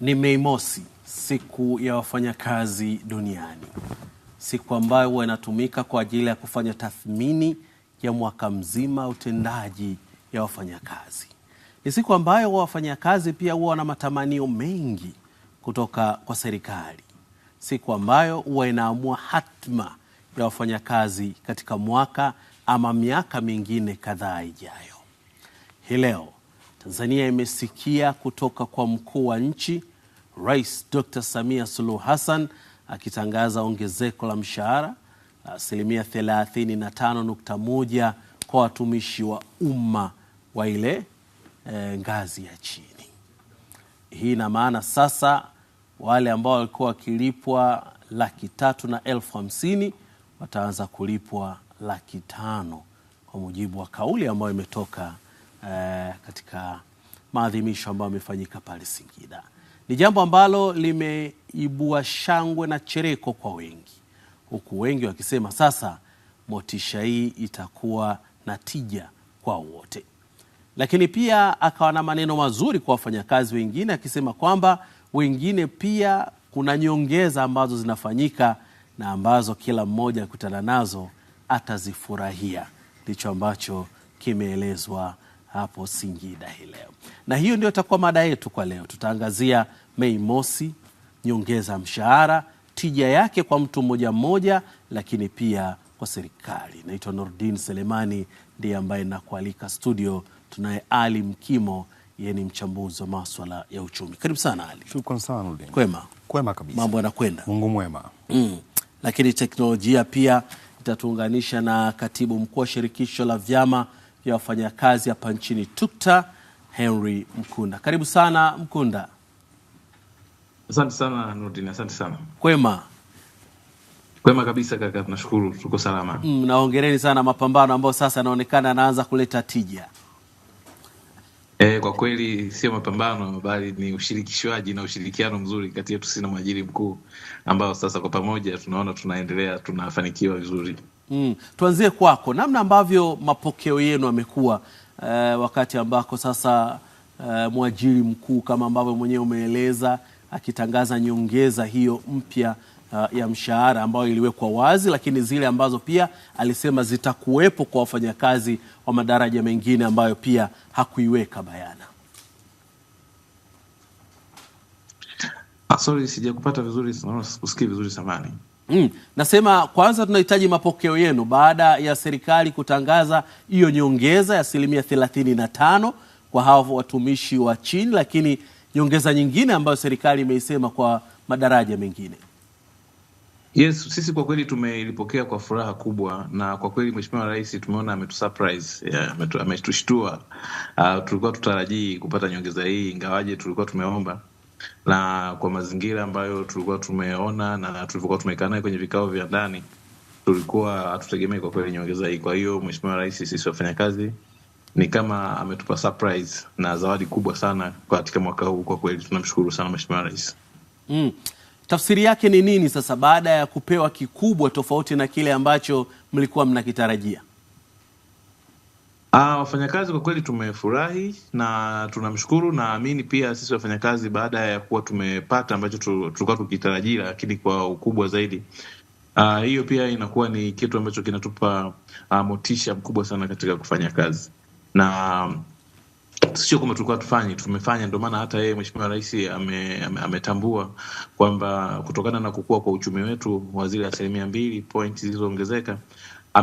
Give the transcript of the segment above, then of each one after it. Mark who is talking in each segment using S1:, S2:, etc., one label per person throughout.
S1: Ni Mei Mosi, siku ya wafanyakazi duniani, siku ambayo huwa inatumika kwa ajili ya kufanya tathmini ya mwaka mzima utendaji ya wafanyakazi. Ni siku ambayo wafanyakazi pia huwa wana matamanio mengi kutoka kwa serikali, siku ambayo huwa inaamua hatma ya wafanyakazi katika mwaka ama miaka mingine kadhaa ijayo. Hii leo Tanzania imesikia kutoka kwa mkuu wa nchi Rais Dr. Samia Suluhu Hassan akitangaza ongezeko la mshahara la asilimia 35.1 kwa watumishi wa umma wa ile e, ngazi ya chini. Hii ina maana sasa wale ambao walikuwa wakilipwa laki tatu na elfu hamsini wataanza kulipwa laki tano kwa mujibu wa kauli ambayo imetoka e, katika maadhimisho ambayo amefanyika pale Singida ni jambo ambalo limeibua shangwe na chereko kwa wengi, huku wengi wakisema sasa motisha hii itakuwa na tija kwa wote. Lakini pia akawa na maneno mazuri kwa wafanyakazi wengine, akisema kwamba wengine pia kuna nyongeza ambazo zinafanyika na ambazo kila mmoja akikutana nazo atazifurahia. Ndicho ambacho kimeelezwa hapo Singida hii leo. Na hiyo ndio itakuwa mada yetu kwa leo. Tutaangazia Mei Mosi, nyongeza mshahara, tija yake kwa mtu mmoja mmoja, lakini pia kwa serikali. Naitwa Nordin Selemani, ndiye ambaye nakualika studio. Tunaye Ali Mkimo, yeye ni mchambuzi wa maswala ya uchumi. Karibu sana Ali. Shukrani sana Nordin. Kwema? Kwema kabisa.
S2: Mambo yanakwenda? Mungu mwema. Mm. Lakini teknolojia pia itatuunganisha na katibu mkuu wa shirikisho la vyama ya wafanyakazi hapa nchini TUKTA, Henry Mkunda. Karibu sana Mkunda.
S3: Asante sana Nurdin, asante sana. Kwema? Kwema kabisa kaka, tunashukuru tuko salama.
S2: Mm, na sana mapambano ambayo sasa yanaonekana yanaanza kuleta tija.
S3: E, kwa kweli sio mapambano bali ni ushirikishwaji na ushirikiano mzuri kati yetu sisi na mwajiri mkuu ambao sasa kwa pamoja tunaona tunaendelea tunafanikiwa vizuri.
S2: Mm. Tuanzie kwako namna ambavyo mapokeo yenu amekuwa eh, wakati ambako sasa eh, mwajiri mkuu kama ambavyo mwenyewe umeeleza akitangaza nyongeza hiyo mpya uh, ya mshahara ambayo iliwekwa wazi, lakini zile ambazo pia alisema zitakuwepo kwa wafanyakazi wa madaraja mengine ambayo pia hakuiweka bayana.
S3: Sorry, sijakupata vizuri, usikii vizuri samani.
S2: Mm, nasema kwanza tunahitaji mapokeo yenu baada ya serikali kutangaza hiyo nyongeza ya asilimia thelathini na tano kwa hawa watumishi wa chini, lakini nyongeza nyingine ambayo serikali imeisema kwa madaraja mengine.
S3: Yes, sisi kwa kweli tumelipokea kwa furaha kubwa, na kwa kweli Mheshimiwa Rais tumeona ametusurprise, eh, ametushtua. Uh, tulikuwa tutarajii kupata nyongeza hii, ingawaje tulikuwa tumeomba na kwa mazingira ambayo tulikuwa tumeona na tulivyokuwa tumekaa naye kwenye vikao vya ndani, tulikuwa hatutegemei kwa kweli nyongeza hii. Kwa hiyo Mheshimiwa Rais, sisi wafanyakazi ni kama ametupa surprise na zawadi kubwa sana katika mwaka huu. Kwa kweli tunamshukuru sana Mheshimiwa Rais.
S2: Mm. Tafsiri yake ni nini sasa baada ya kupewa kikubwa tofauti na kile ambacho mlikuwa mnakitarajia?
S3: Ah, wafanyakazi kwa kweli tumefurahi na tunamshukuru. Naamini pia sisi wafanyakazi baada ya kuwa tumepata ambacho tulikuwa tukitarajia, lakini kwa ukubwa zaidi ah, hiyo pia inakuwa ni kitu ambacho kinatupa ah, motisha mkubwa sana katika kufanya kazi na sio kwamba tulikuwa tufanye tumefanya ndio maana hata yeye mheshimiwa rais ame, ame, ametambua kwamba kutokana na kukua kwa uchumi wetu wa zile asilimia mbili point zilizoongezeka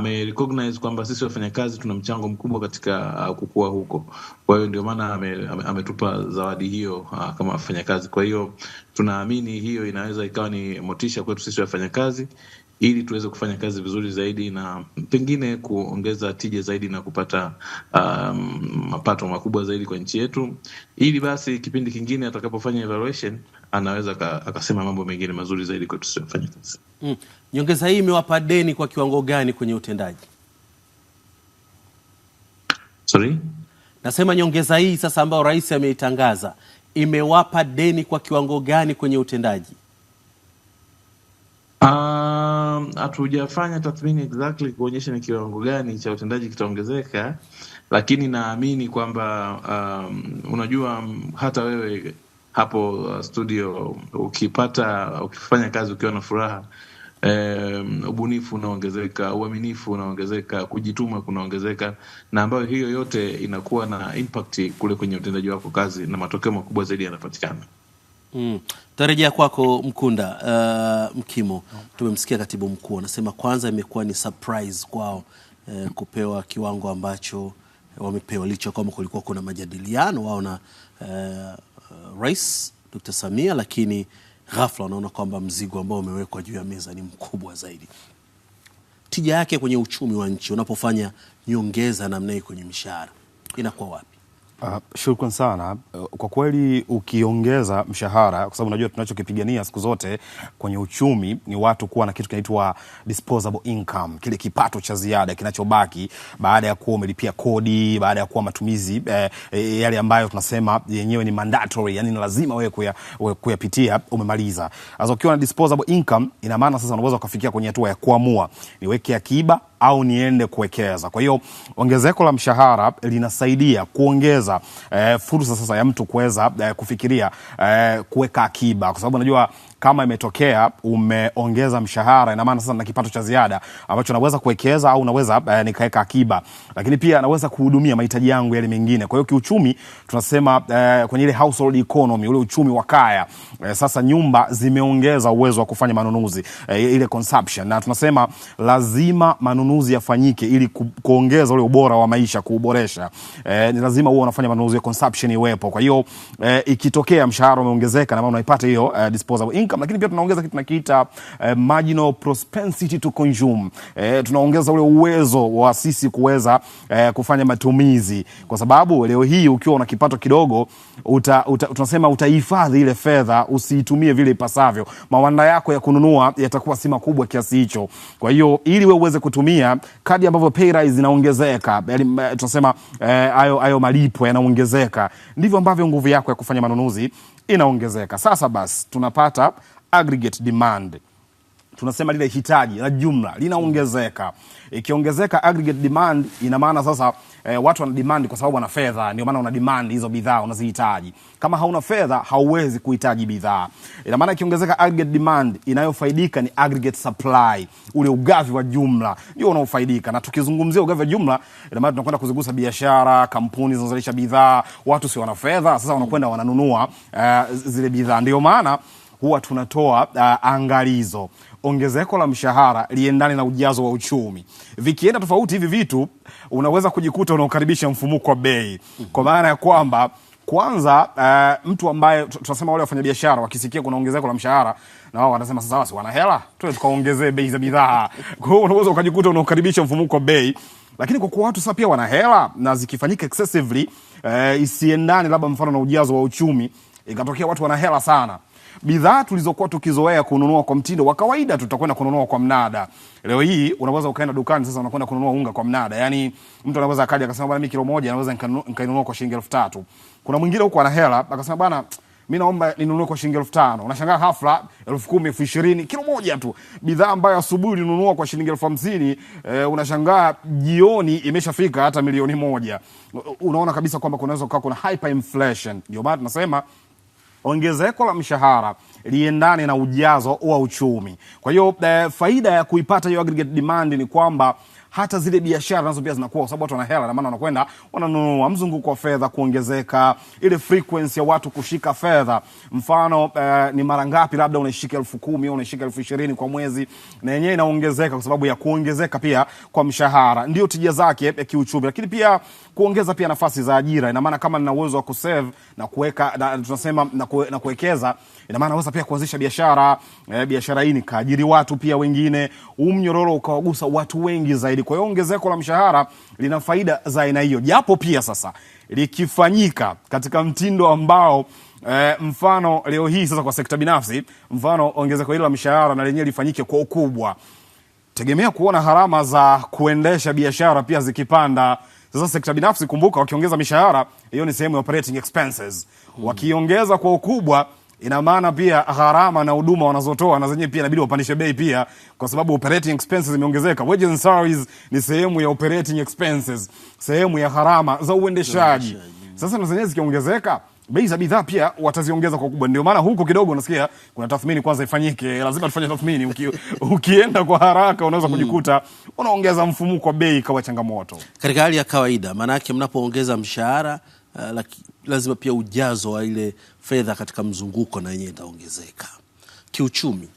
S3: recognize kwamba sisi wafanyakazi tuna mchango mkubwa katika uh, kukua huko. Kwa hiyo ndio maana ametupa ame, ame zawadi hiyo uh, kama wafanyakazi. Kwa hiyo tunaamini hiyo inaweza ikawa ni motisha kwetu sisi wafanyakazi ili tuweze kufanya kazi vizuri zaidi na pengine kuongeza tija zaidi na kupata um, mapato makubwa zaidi kwa nchi yetu, ili basi kipindi kingine atakapofanya evaluation anaweza ka, akasema mambo mengine mazuri zaidi kwetu tusiofanya kazi.
S2: Mm. Nyongeza hii imewapa deni kwa kiwango gani kwenye utendaji? Sorry? Nasema nyongeza hii sasa ambayo rais ameitangaza imewapa deni kwa kiwango gani kwenye utendaji?
S3: Hatujafanya um, tathmini exactly kuonyesha ni kiwango gani cha utendaji kitaongezeka, lakini naamini kwamba um, unajua hata wewe hapo uh, studio ukipata ukifanya kazi ukiwa na furaha Um, ubunifu unaongezeka, uaminifu unaongezeka, kujituma kunaongezeka, na ambayo hiyo yote inakuwa na impact kule kwenye utendaji wako kazi na matokeo makubwa zaidi yanapatikana.
S2: Mm. Tarejea kwako Mkunda. Uh, Mkimo, tumemsikia katibu mkuu anasema kwanza imekuwa ni surprise kwao eh, kupewa kiwango ambacho wamepewa licha kwamba kulikuwa kuna majadiliano wao na eh, Rais Dr. Samia, lakini ghafla wanaona kwamba mzigo ambao umewekwa juu ya meza ni mkubwa zaidi. Tija yake kwenye uchumi wa nchi unapofanya nyongeza namna hii kwenye mishahara inakuwa wapi?
S1: Uh, shukran sana uh, kwa kweli, ukiongeza mshahara, kwa sababu unajua tunachokipigania siku zote kwenye uchumi ni watu kuwa na kitu kinaitwa disposable income, kile kipato cha ziada kinachobaki baada ya kuwa umelipia kodi, baada ya kuwa matumizi eh, eh, yale ambayo tunasema yenyewe ni mandatory, yani ni lazima wewe kuya, kuyapitia umemaliza. Sasa ukiwa na disposable income, ina maana sasa unaweza ukafikia kwenye hatua ya kuamua niweke akiba au niende kuwekeza. Kwa hiyo ongezeko la mshahara linasaidia kuongeza kuongeza eh, fursa sasa ya mtu kuweza eh, kufikiria eh, kuweka akiba, kwa sababu unajua kama imetokea umeongeza mshahara, ina maana sasa na kipato cha ziada ambacho naweza kuwekeza au naweza eh, nikaweka akiba, lakini pia naweza kuhudumia mahitaji yangu yale mengine. Kwa hiyo kiuchumi tunasema eh, kwenye ile household economy, ule uchumi wa kaya eh, sasa nyumba zimeongeza uwezo wa kufanya manunuzi eh, ile consumption, na tunasema lazima manunuzi yafanyike ili ku, kuongeza ule ubora wa maisha, kuboresha eh, ni lazima uwe unafanya manunuzi ya consumption iwepo. Kwa hiyo eh, ikitokea mshahara umeongezeka na maana unaipata hiyo eh, disposable income, income, lakini pia tunaongeza kitu tunakiita eh, marginal propensity to consume eh, tunaongeza ule uwezo wa sisi kuweza eh, kufanya matumizi, kwa sababu leo hii ukiwa una kipato kidogo uta, uta, tunasema utahifadhi ile fedha, usiitumie vile ipasavyo. Mawanda yako ya kununua yatakuwa si makubwa kiasi hicho. Kwa hiyo ili wewe uweze kutumia kadi ambavyo pay rise yani eh, tunasema eh, ayo, ayo malipo yanaongezeka, ndivyo ambavyo nguvu yako ya kufanya manunuzi inaongezeka. Sasa basi tunapata aggregate demand tunasema lile hitaji la jumla linaongezeka. Ikiongezeka aggregate demand, ina maana sasa e, watu wana demand kwa sababu wana fedha, ndio maana una demand hizo bidhaa unazihitaji. Kama hauna fedha, hauwezi kuhitaji bidhaa. Ina maana ikiongezeka aggregate demand, inayofaidika ni aggregate supply, ule ugavi wa jumla ndio unaofaidika. Na tukizungumzia ugavi wa jumla, ina maana tunakwenda kuzigusa biashara, kampuni zinazozalisha bidhaa, watu si wana fedha, sasa wanakwenda wananunua uh, zile bidhaa, ndio maana huwa tunatoa uh, angalizo ongezeko la mshahara liendane na ujazo wa uchumi. Vikienda tofauti hivi vitu, unaweza kujikuta unaokaribisha mfumuko wa bei, kwa maana ya kwamba kwanza uh, mtu ambaye tunasema wale wafanyabiashara wakisikia kuna ongezeko la mshahara, na wao wanasema sasa, basi wana hela tuwe tukaongezee bei za bidhaa. Kwa hiyo unaweza ukajikuta unaokaribisha mfumuko wa bei, lakini kwa kuwa watu sasa pia wana hela na zikifanyika excessively uh, isiendane labda mfano na ujazo wa uchumi, ikatokea watu wana hela sana bidhaa tulizokuwa tukizoea kununua kwa mtindo wa kawaida, tutakwenda kununua kwa mnada. Leo hii unaweza ukaenda dukani sasa, unakwenda kununua unga kwa mnada. Yani mtu anaweza akaja akasema bwana, mimi kilo moja naweza nikainunua kwa shilingi elfu tatu. Kuna mwingine huko ana hela akasema bwana mimi naomba ninunue kwa shilingi elfu tano. Unashangaa hafla elfu kumi elfu ishirini kilo moja tu, bidhaa ambayo asubuhi ulinunua kwa shilingi elfu hamsini e, unashangaa jioni imeshafika hata milioni moja. Unaona kabisa kwamba kunaweza kukaa kuna hyperinflation. Ndio maana tunasema ongezeko la mshahara liendane na ujazo wa uchumi. Kwa hiyo eh, faida ya kuipata hiyo aggregate demand ni kwamba hata zile biashara nazo pia zinakuwa, kwa sababu watu wana hela, na maana wanakwenda wananunua, mzunguko wa fedha kuongezeka, ile frequency ya watu kushika fedha. Mfano eh, ni mara ngapi labda unaishika elfu kumi au unaishika elfu ishirini kwa mwezi, na yenyewe inaongezeka kwa sababu ya kuongezeka pia kwa mshahara, ndio tija zake ya eh, kiuchumi, lakini pia kuongeza pia nafasi za ajira. Ina maana kama nina uwezo wa kusave na kuweka na, tunasema na, kue, na kuwekeza, ina maana naweza pia kuanzisha biashara eh, biashara hii nikaajiri watu pia wengine, umnyororo ukawagusa watu wengi zaidi. Kwa hiyo ongezeko la mshahara lina faida za aina hiyo, japo pia sasa likifanyika katika mtindo ambao E, mfano leo hii sasa kwa sekta binafsi, mfano ongezeko hilo la mishahara na lenyewe lifanyike kwa ukubwa, tegemea kuona gharama za kuendesha biashara pia zikipanda. Sasa sekta binafsi, kumbuka, wakiongeza mishahara hiyo ni sehemu ya operating expenses, hmm. wakiongeza kwa ukubwa ina maana pia gharama na huduma wanazotoa na zenyewe pia inabidi wapandishe bei pia, kwa sababu operating expenses zimeongezeka. Wages and salaries ni sehemu ya operating expenses, sehemu ya gharama za uendeshaji. Mm. Sasa na zenyewe zikiongezeka bei za bidhaa pia wataziongeza kwa kubwa. Ndio maana huku kidogo unasikia kuna tathmini kwanza ifanyike, lazima tufanye tathmini. Uki, ukienda kwa haraka unaweza mm. kujikuta unaongeza mfumuko wa bei kawa changamoto
S2: katika hali ya kawaida. Maana yake mnapoongeza mshahara uh, lazima pia ujazo wa ile fedha katika mzunguko na yenyewe itaongezeka. Kiuchumi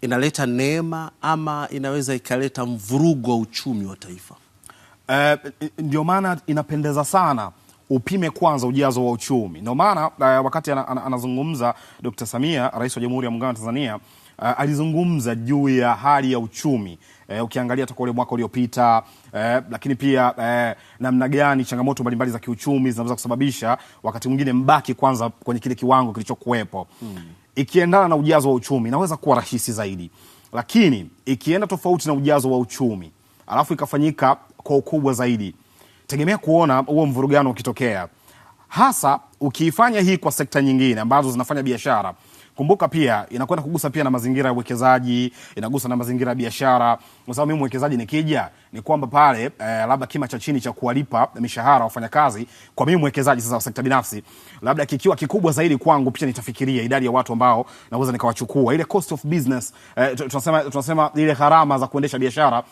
S2: inaleta neema ama inaweza ikaleta mvurugo wa uchumi wa taifa.
S1: Uh, ndio maana inapendeza sana upime kwanza ujazo wa uchumi. Ndio maana uh, wakati anazungumza Dr. Samia, Rais wa Jamhuri ya Muungano wa Tanzania, uh, alizungumza juu ya hali ya uchumi e, ukiangalia toka ule mwaka uliopita e, lakini pia e, namna gani changamoto mbalimbali za kiuchumi zinaweza kusababisha wakati mwingine mbaki kwanza kwenye kile kiwango kilichokuwepo hmm. Ikiendana na ujazo wa uchumi inaweza kuwa rahisi zaidi, lakini ikienda tofauti na ujazo wa uchumi alafu ikafanyika kwa ukubwa zaidi, tegemea kuona huo mvurugano ukitokea, hasa ukiifanya hii kwa sekta nyingine ambazo zinafanya biashara kumbuka pia inakwenda kugusa pia na mazingira ya uwekezaji, inagusa na mazingira ya biashara, kwa sababu mimi mwekezaji nikija ni kwamba pale eh, labda kima cha chini cha kuwalipa mishahara wafanyakazi, kwa mimi mwekezaji sasa wa sekta binafsi, labda kikiwa kikubwa zaidi kwangu, pia nitafikiria idadi ya watu ambao naweza nikawachukua, ile cost of business eh, tunasema tunasema ile gharama za kuendesha biashara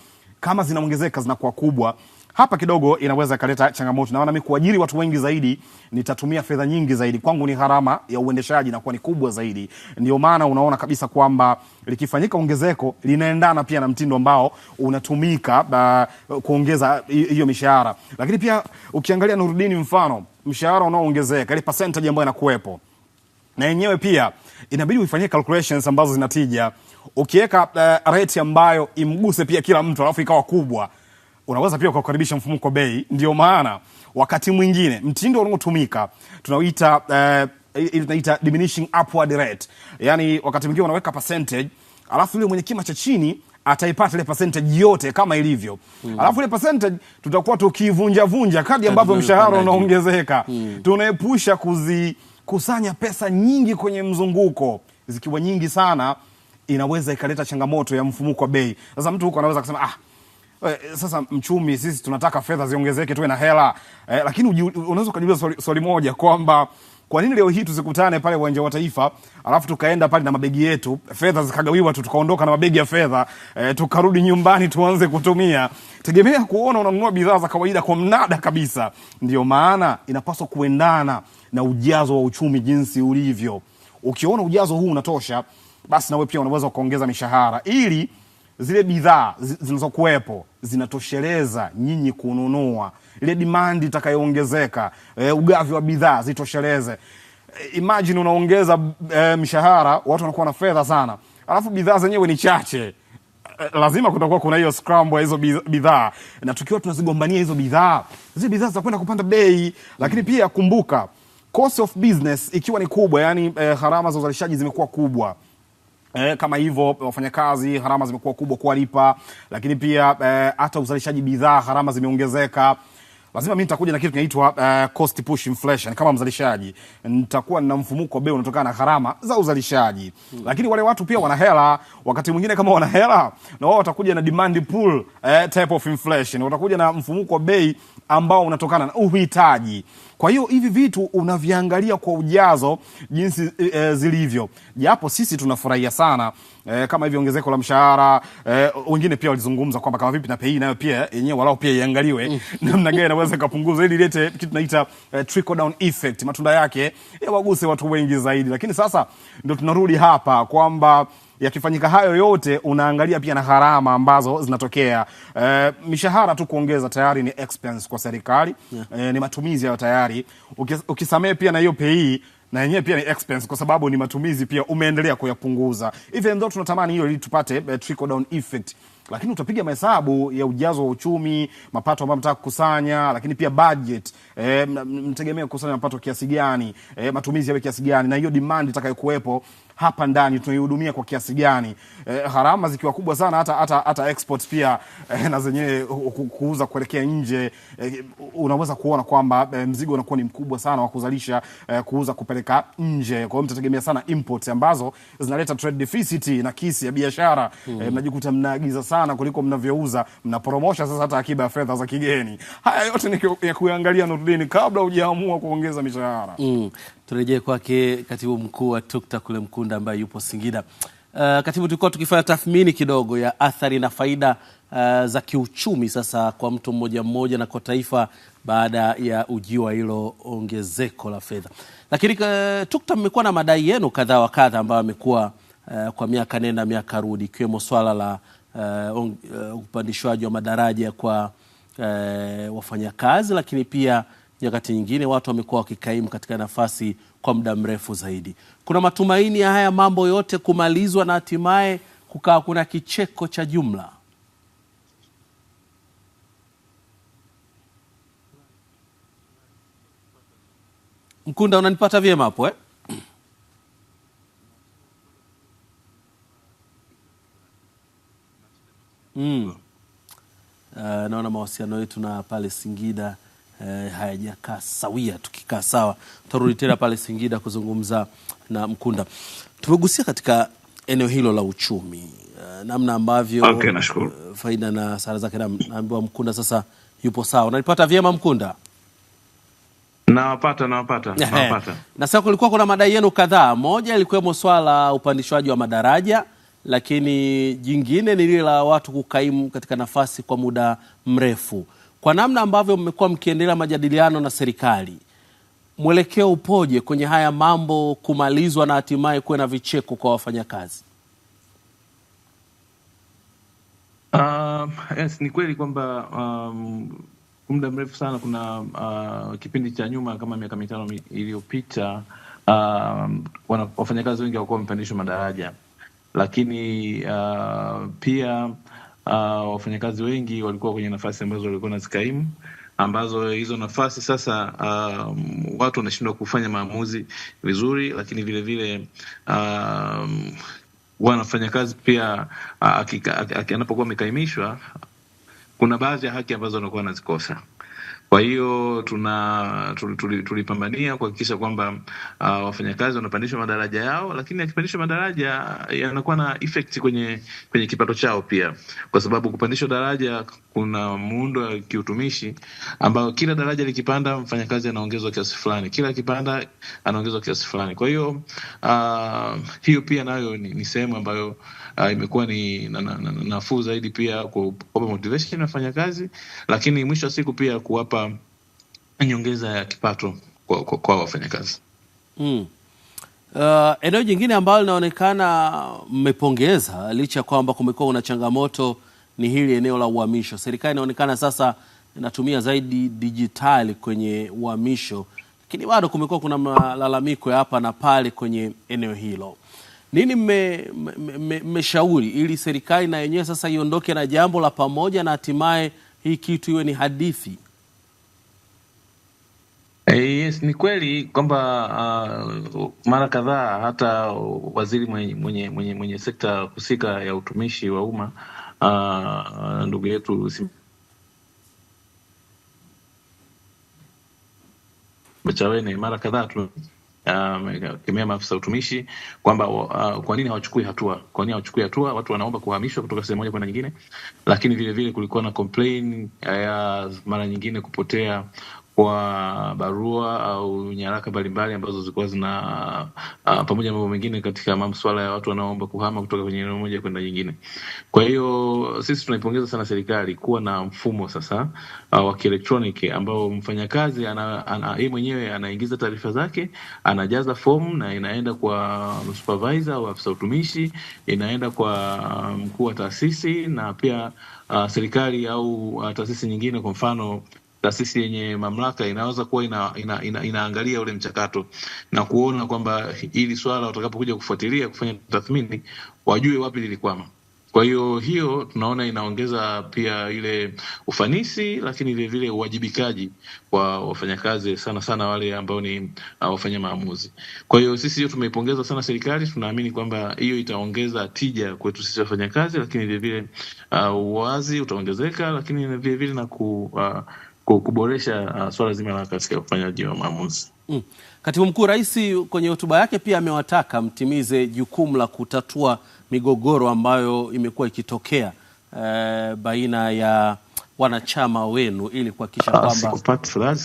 S1: kama zinaongezeka zinakuwa kubwa hapa kidogo inaweza ikaleta changamoto. Na maana mimi kuajiri watu wengi zaidi nitatumia fedha nyingi zaidi, kwangu ni gharama ya uendeshaji inakuwa ni kubwa zaidi. Ndio maana unaona kabisa kwamba likifanyika ongezeko linaendana pia na mtindo ambao unatumika ba, kuongeza hiyo mishahara. Lakini pia ukiangalia Nurdini, mfano mshahara unaoongezeka ile percentage ambayo inakuwepo na yenyewe pia inabidi uifanyie calculations ambazo zinatija. Ukiweka uh, rate ambayo imguse pia kila mtu alafu ikawa kubwa unaweza pia ukakaribisha mfumuko bei. Ndio maana wakati mwingine mtindo unaotumika tunaoita uh, eh, tunaita diminishing upward rate, yani wakati mwingine unaweka percentage alafu yule mwenye kima cha chini ataipata ile percentage yote kama ilivyo mm. Alafu ile percentage tutakuwa tukivunja vunja kadi ambavyo mshahara unaongezeka mm. Tunaepusha kuzikusanya pesa nyingi kwenye mzunguko, zikiwa nyingi sana inaweza ikaleta changamoto ya mfumuko wa bei. Sasa mtu huko anaweza kusema ah Eh, sasa mchumi, sisi tunataka fedha ziongezeke tuwe na hela eh, lakini unaweza ukajiuliza swali, swali moja kwamba kwa nini leo hii tusikutane pale uwanja wa Taifa alafu tukaenda pale na mabegi yetu, fedha zikagawiwa tu, tukaondoka na mabegi ya fedha e, tukarudi nyumbani tuanze kutumia. Tegemea kuona unanunua bidhaa za kawaida kwa mnada kabisa. Ndio maana inapaswa kuendana na ujazo wa uchumi jinsi ulivyo. Ukiona ujazo huu unatosha, basi nawe pia unaweza kuongeza mishahara ili zile bidhaa zilizokuwepo zinatosheleza nyinyi kununua, ile dimandi itakayoongezeka, e, ugavi wa bidhaa zitosheleze. E, imagine unaongeza e, eh, mshahara, watu wanakuwa na fedha sana, alafu bidhaa zenyewe ni chache lazima kutakuwa kuna hiyo scramble hizo bidhaa, na tukiwa tunazigombania hizo bidhaa, zile bidhaa zitakwenda kupanda bei. Lakini pia kumbuka, cost of business ikiwa ni kubwa, yani eh, gharama za uzalishaji zimekuwa kubwa, eh, kama hivyo wafanyakazi gharama zimekuwa kubwa kuwalipa, lakini pia eh, hata uzalishaji bidhaa gharama zimeongezeka. Lazima mimi nitakuja na kitu kinaitwa e, cost push inflation. Kama mzalishaji nitakuwa na mfumuko wa bei unatokana na gharama za uzalishaji hmm. Lakini wale watu pia wana hela, wakati mwingine kama wana hela na wao watakuja na demand pull e, eh, type of inflation, watakuja na mfumuko wa bei ambao unatokana na uhitaji kwa hiyo hivi vitu unaviangalia kwa ujazo jinsi e, zilivyo, japo sisi tunafurahia sana e, kama hivi ongezeko la mshahara e, wengine pia walizungumza kwamba kama vipi na pei nayo pia yenyewe walao pia iangaliwe mm. namna gani inaweza kupunguzwa ili ilete kitu tunaita e, trickle down effect, matunda yake yawaguse watu wengi zaidi. Lakini sasa ndio tunarudi hapa kwamba yakifanyika hayo yote, unaangalia pia na gharama ambazo zinatokea. E, mishahara tu kuongeza tayari ni expense kwa serikali yeah. E, ni matumizi hayo tayari, ukisamee pia na hiyo pei na yenyewe pia ni expense kwa sababu ni matumizi pia umeendelea kuyapunguza, even though tunatamani hiyo ili tupate uh, trickle down effect, lakini utapiga mahesabu ya ujazo wa uchumi, mapato ambayo mtaka kukusanya, lakini pia budget e, mtegemea kukusanya mapato kiasi gani, e, matumizi yawe kiasi gani, na hiyo demand itakayokuwepo hapa ndani tunaihudumia kwa kiasi gani, eh, gharama zikiwa kubwa sana, hata hata hata export pia eh, na zenyewe kuuza kuelekea nje, eh, unaweza kuona kwamba mzigo unakuwa ni mkubwa sana wa kuzalisha, kuuza, kupeleka nje. Kwa hiyo mtategemea sana imports ambazo zinaleta trade deficit na kisi ya biashara, mnajikuta hmm. E, mnajikuta mnaagiza sana kuliko mnavyouza, mnaporomosha sasa hata akiba ya fedha za kigeni. Haya yote ni ya kuangalia Nurdin kabla hujaamua kuongeza mishahara
S2: mm. Turejee kwake katibu mkuu wa TUCTA kule Mkunda ambaye yupo Singida. Uh, katibu, tulikuwa tukifanya tathmini kidogo ya athari na faida uh, za kiuchumi sasa kwa mtu mmoja mmoja na kwa taifa baada ya ujio wa hilo ongezeko la fedha, lakini uh, TUCTA mmekuwa na madai yenu kadha wa kadha ambayo amekuwa uh, kwa miaka nenda miaka rudi, ikiwemo swala la uh, uh, upandishwaji uh, uh, wa madaraja kwa uh, wafanyakazi, lakini pia nyakati nyingine watu wamekuwa wakikaimu katika nafasi kwa muda mrefu zaidi. Kuna matumaini ya haya mambo yote kumalizwa na hatimaye kukawa kuna kicheko cha jumla. Mkunda, unanipata vyema hapo eh? Mm. Uh, naona mawasiliano yetu na pale Singida Eh, hayajakaa sawia. Tukikaa sawa, tutarudi tena pale Singida kuzungumza na Mkunda. Tumegusia katika eneo hilo la uchumi eh, namna ambavyo
S3: okay, eh,
S2: faida na hasara zake. Naambiwa Mkunda sasa yupo sawa. Unanipata vyema Mkunda?
S3: Nawapata, nawapata, nawapata.
S2: Na kulikuwa kuna madai yenu kadhaa, moja ilikuwemo swala la upandishwaji wa madaraja, lakini jingine ni lile la watu kukaimu katika nafasi kwa muda mrefu. Kwa namna ambavyo mmekuwa mkiendelea majadiliano na serikali, mwelekeo upoje kwenye haya mambo kumalizwa na hatimaye kuwe na vicheko kwa wafanyakazi?
S3: Uh, yes, ni kweli kwamba um, muda mrefu sana kuna uh, kipindi cha nyuma kama miaka mitano iliyopita um, wafanyakazi wengi hawakuwa wamepandishwa madaraja, lakini uh, pia uh, wafanyakazi wengi walikuwa kwenye nafasi ambazo walikuwa nazikaimu ambazo hizo nafasi sasa um, watu wanashindwa kufanya maamuzi vizuri, lakini vilevile vile, uh, um, wanafanya kazi pia uh, anapokuwa amekaimishwa, kuna baadhi ya haki ambazo wanakuwa wanazikosa. Kwa hiyo tuna tulipambania kuhakikisha kwamba uh, wafanyakazi wanapandishwa madaraja yao, lakini akipandishwa madaraja yanakuwa na effect kwenye kwenye kipato chao pia, kwa sababu kupandishwa daraja kuna muundo wa kiutumishi ambao kila daraja likipanda mfanyakazi anaongezwa kiasi fulani, kila kipanda anaongezwa kiasi fulani. Kwa hiyo uh, hiyo pia nayo ni, ni sehemu ambayo uh, imekuwa ni nafuu na, na, na, na zaidi pia kuwapa motivation wafanyakazi, lakini mwisho wa siku pia kuwapa nyongeza ya kipato kwa, kwa, kwa wafanyakazi
S2: mm. Uh, eneo jingine ambalo linaonekana mmepongeza licha ya kwamba kumekuwa kuna changamoto ni hili eneo la uhamisho. Serikali inaonekana sasa inatumia zaidi dijitali kwenye uhamisho, lakini bado kumekuwa kuna malalamiko ya hapa na pale kwenye eneo hilo nini mmeshauri me, me, ili serikali na yenyewe sasa iondoke na jambo la pamoja na hatimaye hii kitu iwe ni hadithi? Eh, yes, ni kweli kwamba uh, mara kadhaa hata waziri mwenye, mwenye, mwenye, mwenye sekta husika ya utumishi wa umma uh, ndugu yetu Simbachawene mara kadhaa tu Ah, kemea maafisa utumishi kwamba uh, kwa nini hawachukui hatua, kwa nini hawachukui hatua? Watu wanaomba kuhamishwa kutoka sehemu moja kwenda nyingine, lakini vilevile kulikuwa na complain uh, ya mara nyingine kupotea wa barua au nyaraka mbalimbali ambazo zilikuwa zina uh, pamoja na mambo mengine katika masuala ya watu wanaoomba kuhama kutoka kwenye eneo moja kwenda jingine. Kwa hiyo sisi tunaipongeza sana serikali kuwa na mfumo sasa uh, wa kielektroniki ambao mfanyakazi ana, ana, yeye mwenyewe anaingiza taarifa zake, anajaza fomu na inaenda kwa supervisor au afisa utumishi, inaenda kwa mkuu wa taasisi na pia uh, serikali au uh, taasisi nyingine, kwa mfano taasisi yenye mamlaka inaweza kuwa ina, ina, ina, inaangalia ule mchakato na kuona kwamba hili swala watakapokuja kufuatilia kufanya tathmini wajue wapi lilikwama. Kwa hiyo hiyo tunaona inaongeza pia ile ufanisi, lakini vilevile uwajibikaji wa wafanyakazi, sana sana wale ambao ni uh, wafanya maamuzi. Kwa hiyo sisi hiyo tumeipongeza sana serikali, tunaamini kwamba hiyo itaongeza tija kwetu sisi wafanyakazi, lakini vilevile uh, uwazi uh, utaongezeka, lakini vilevile na ku uh, kuboresha uh, swala zima la katika ufanyaji wa maamuzi mm. Katibu Mkuu, Rais kwenye hotuba yake pia amewataka mtimize jukumu la kutatua migogoro ambayo imekuwa ikitokea uh, baina ya wanachama wenu ili kuhakikisha ah, kwamba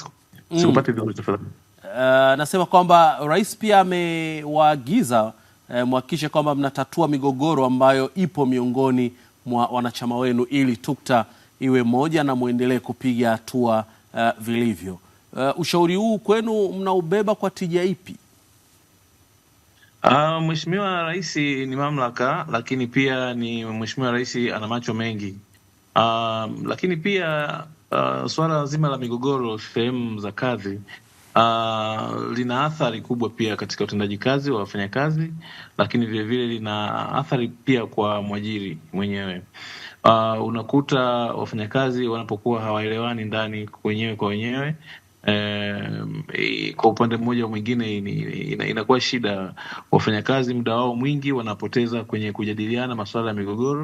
S2: mm. eh, anasema uh, kwamba rais pia amewaagiza eh, mhakikishe kwamba mnatatua migogoro ambayo ipo miongoni mwa wanachama wenu ili tukta iwe moja na mwendelee kupiga hatua uh, vilivyo. Uh, ushauri huu kwenu mnaubeba kwa tija ipi? Uh, Mheshimiwa Rais ni mamlaka, lakini pia ni Mheshimiwa Rais ana macho mengi uh, lakini pia uh, suala zima la migogoro sehemu za kazi Uh, lina athari kubwa pia katika utendaji kazi wa wafanyakazi, lakini vilevile lina athari pia kwa mwajiri mwenyewe uh, unakuta wafanyakazi wanapokuwa hawaelewani ndani wenyewe kwa wenyewe Um, kwa upande mmoja au mwingine inakuwa ina shida. Wafanyakazi muda wao mwingi wanapoteza kwenye kujadiliana masuala ya migogoro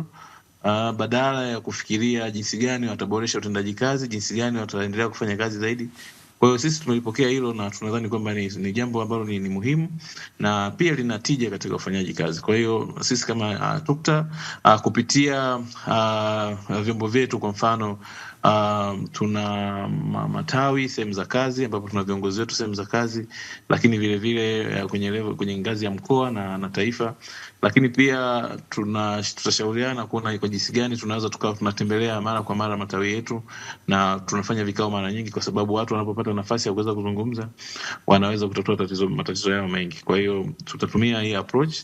S2: uh, badala ya kufikiria jinsi gani wataboresha utendaji kazi, jinsi gani wataendelea kufanya kazi zaidi. Kwa hiyo sisi tumelipokea hilo na tunadhani kwamba ni, ni jambo ambalo ni, ni muhimu na pia lina tija katika ufanyaji kazi. Kwa hiyo sisi kama uh, tukta uh, kupitia uh, vyombo vyetu kwa mfano Um, tuna matawi sehemu za kazi ambapo tuna viongozi wetu sehemu za kazi, lakini vilevile eh, kwenye level, kwenye ngazi ya mkoa na, na taifa. Lakini pia tuna tutashauriana kuona kwa jinsi gani tunaweza tukawa tunatembelea mara kwa mara matawi yetu na tunafanya vikao mara nyingi, kwa sababu watu wanapopata nafasi ya kuweza kuzungumza wanaweza kutatua tatizo matatizo yao mengi. Kwa hiyo tutatumia hii approach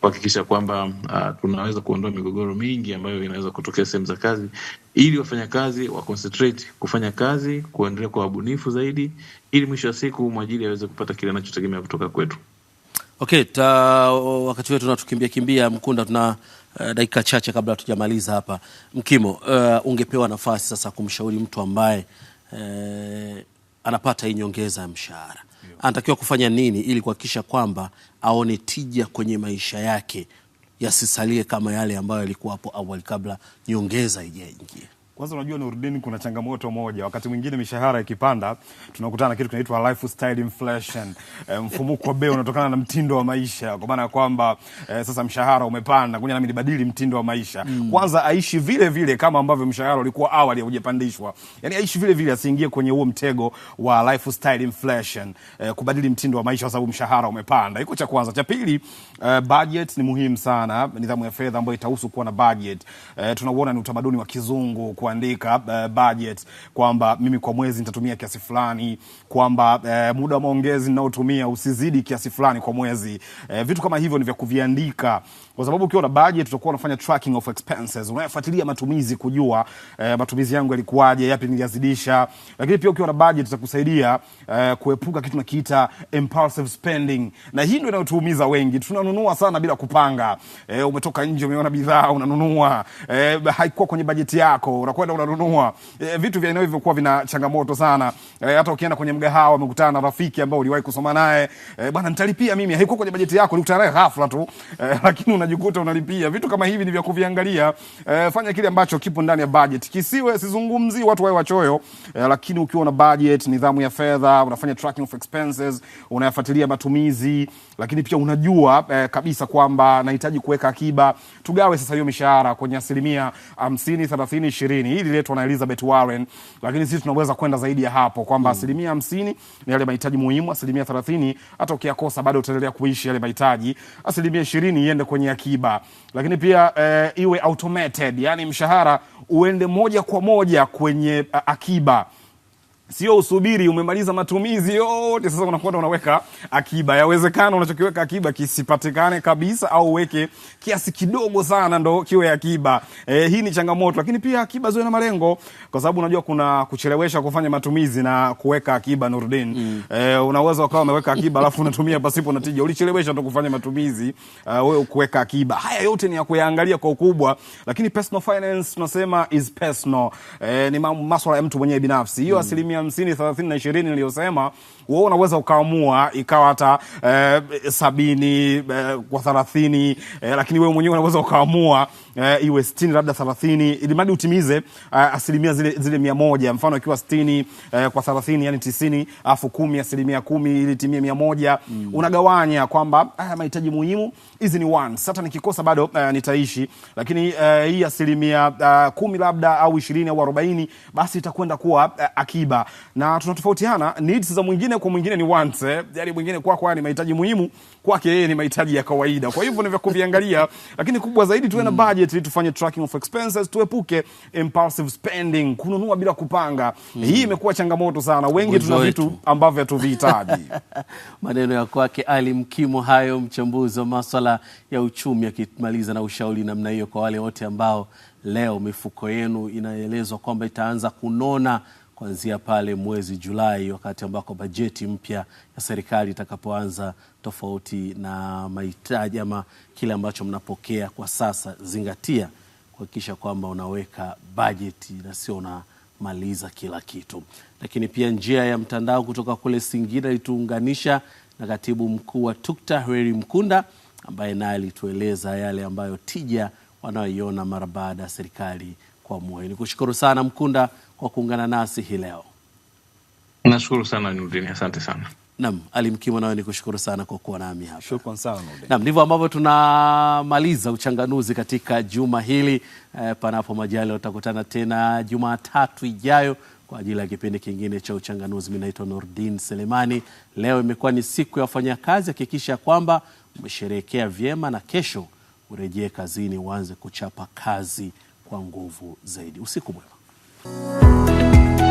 S2: kuhakikisha kwamba uh, tunaweza kuondoa migogoro mingi ambayo inaweza kutokea sehemu za kazi, ili wafanyakazi wa concentrate kufanya kazi, kuendelea kwa wabunifu zaidi, ili mwisho wa siku mwajiri aweze kupata kile anachotegemea kutoka kwetu. Okay, ta, wakati wetu natukimbia kimbia Mkunda, tuna uh, dakika chache kabla tujamaliza hapa. Mkimo, uh, ungepewa nafasi sasa kumshauri mtu ambaye uh, anapata hii nyongeza ya mshahara anatakiwa kufanya nini ili kuhakikisha kwamba aone tija kwenye maisha yake yasisalie kama yale ambayo yalikuwa hapo awali kabla nyongeza ijaingia. Kwanza unajua Nurdin, kuna changamoto moja, wakati mwingine mishahara ikipanda tunakutana na kitu kinaitwa lifestyle inflation. E, mfumuko wa bei unatokana na mtindo wa maisha, kwa maana ya kwamba e, sasa mshahara umepanda, ngoja nami nibadili mtindo wa maisha mm. Kwanza aishi vile vile kama ambavyo mshahara ulikuwa awali haujapandishwa, yani aishi vile vile, asiingie kwenye huo mtego wa lifestyle inflation, e, kubadili mtindo wa maisha kwa sababu mshahara umepanda. Iko cha kwanza. Cha pili, e, budget ni muhimu sana, nidhamu ya fedha ambayo itahusu kuwa na budget. E, tunauona ni utamaduni wa kizungu kwa kuandika uh, eh, budget kwamba mimi kwa mwezi nitatumia kiasi fulani, kwamba uh, muda wa maongezi ninaotumia usizidi kiasi fulani kwa mwezi uh, vitu kama hivyo ni vya kuviandika kwa sababu ukiwa na budget utakuwa unafanya tracking of expenses, unayafuatilia matumizi kujua eh, matumizi yangu yalikuwaje, yapi niliyazidisha. Lakini pia ukiwa na budget itakusaidia eh, kuepuka kitu nakiita impulsive spending, na hii ndio inayotuumiza wengi. Tunanunua sana bila kupanga. Eh, umetoka nje umeona bidhaa unanunua, eh, haikuwa kwenye bajeti yako, unakwenda unanunua eh, vitu vya eneo hivyo kuwa vina changamoto sana eh, hata ukienda kwenye mgahawa umekutana na rafiki ambao uliwahi kusoma naye eh, bwana, nitalipia mimi, haikuwa kwenye bajeti yako, ulikutana naye ghafla tu eh, lakini una unajikuta unalipia vitu kama hivi, ni vya kuviangalia. E, fanya kile ambacho kipo ndani ya budget, kisiwe sizungumzi watu wawe wachoyo e, lakini ukiwa na budget, nidhamu ya fedha, unafanya tracking of expenses, unayafuatilia matumizi, lakini pia unajua e, kabisa kwamba nahitaji kuweka akiba. Tugawe sasa hiyo mishahara kwenye asilimia 50 30 20, hii ililetwa na Elizabeth Warren, lakini sisi tunaweza kwenda zaidi ya hapo kwamba hmm. asilimia mm. 50 ni yale mahitaji muhimu, asilimia 30 hata ukiyakosa bado utaendelea kuishi yale mahitaji, asilimia 20 iende kwenye akiba, lakini pia e, iwe automated, yani mshahara uende moja kwa moja kwenye eh, akiba. Sio usubiri umemaliza matumizi yote, sasa unakwenda unaweka akiba. Yawezekana unachokiweka akiba kisipatikane kabisa, au uweke kiasi kidogo sana ndo kiwe akiba. E, hii ni changamoto, lakini pia akiba ziwe na malengo, kwa sababu unajua kuna kuchelewesha kufanya matumizi na kuweka akiba. Nurdin, mm. E, unaweza ukawa umeweka akiba alafu unatumia pasipo na tija, ulichelewesha tu kufanya matumizi uh, wewe, kuweka akiba. Haya yote ni ya kuyaangalia kwa ukubwa, lakini personal finance tunasema is personal. E, ni maswala ya mtu mwenyewe binafsi, hiyo mm. asilimia hamsini thelathini na ishirini niliyosema, wewe unaweza ukaamua ikawa hata eh, sabini eh, kwa thelathini eh, lakini wewe mwenyewe unaweza ukaamua uh, iwe 60 labda 30, ili utimize uh, asilimia zile zile 100. Mfano ikiwa 60 uh, eh, kwa 30 yani 90, afu 10 asilimia 10 ili timie 100. Mm. Unagawanya kwamba haya mahitaji muhimu hizi ni Hata nikikosa bado uh, nitaishi, lakini uh, hii asilimia uh, kumi labda au 20 au 40 basi itakwenda kuwa uh, akiba, na tunatofautiana needs za mwingine kwa mwingine ni wants eh. Yani mwingine kwako kwa, ni mahitaji muhimu, kwake yeye ni mahitaji ya kawaida. Kwa hivyo ni vya kuviangalia, lakini kubwa zaidi tuwe na mm. budget immediately tufanye tracking of expenses, tuepuke impulsive spending, kununua bila kupanga. Mm. Hii imekuwa changamoto sana, wengi tuna vitu ambavyo hatuvihitaji. Maneno ya kwake Ali Mkimo hayo, mchambuzi wa maswala ya uchumi, akimaliza na ushauri namna hiyo kwa wale wote ambao leo mifuko yenu inaelezwa kwamba itaanza kunona kuanzia pale mwezi Julai, wakati ambako bajeti mpya ya serikali itakapoanza, tofauti na mahitaji ama kile ambacho mnapokea kwa sasa. Zingatia kuhakikisha kwamba unaweka bajeti na sio unamaliza kila kitu. Lakini pia njia ya mtandao kutoka kule Singida ituunganisha na katibu mkuu wa TUKTA Heri Mkunda ambaye naye alitueleza yale ambayo tija wanayoiona mara baada ya serikali kuamua. Nikushukuru sana Mkunda kwa kuungana nasi hii leo. Nashukuru sana Nurdin, asante sana. Naam, Alimkimo nayo ni kushukuru sana kwa kuwa nami hapa. sana Nurdin. Naam, ndivyo ambavyo tunamaliza uchanganuzi katika juma hili eh, panapo majali utakutana tena Jumatatu ijayo kwa ajili ya kipindi kingine cha uchanganuzi. Mi naitwa Nurdin Selemani. Leo imekuwa ni siku ya wafanyakazi, hakikisha kwamba umesherehekea vyema, na kesho urejee kazini, uanze kuchapa kazi kwa nguvu zaidi. Usiku mwema. Música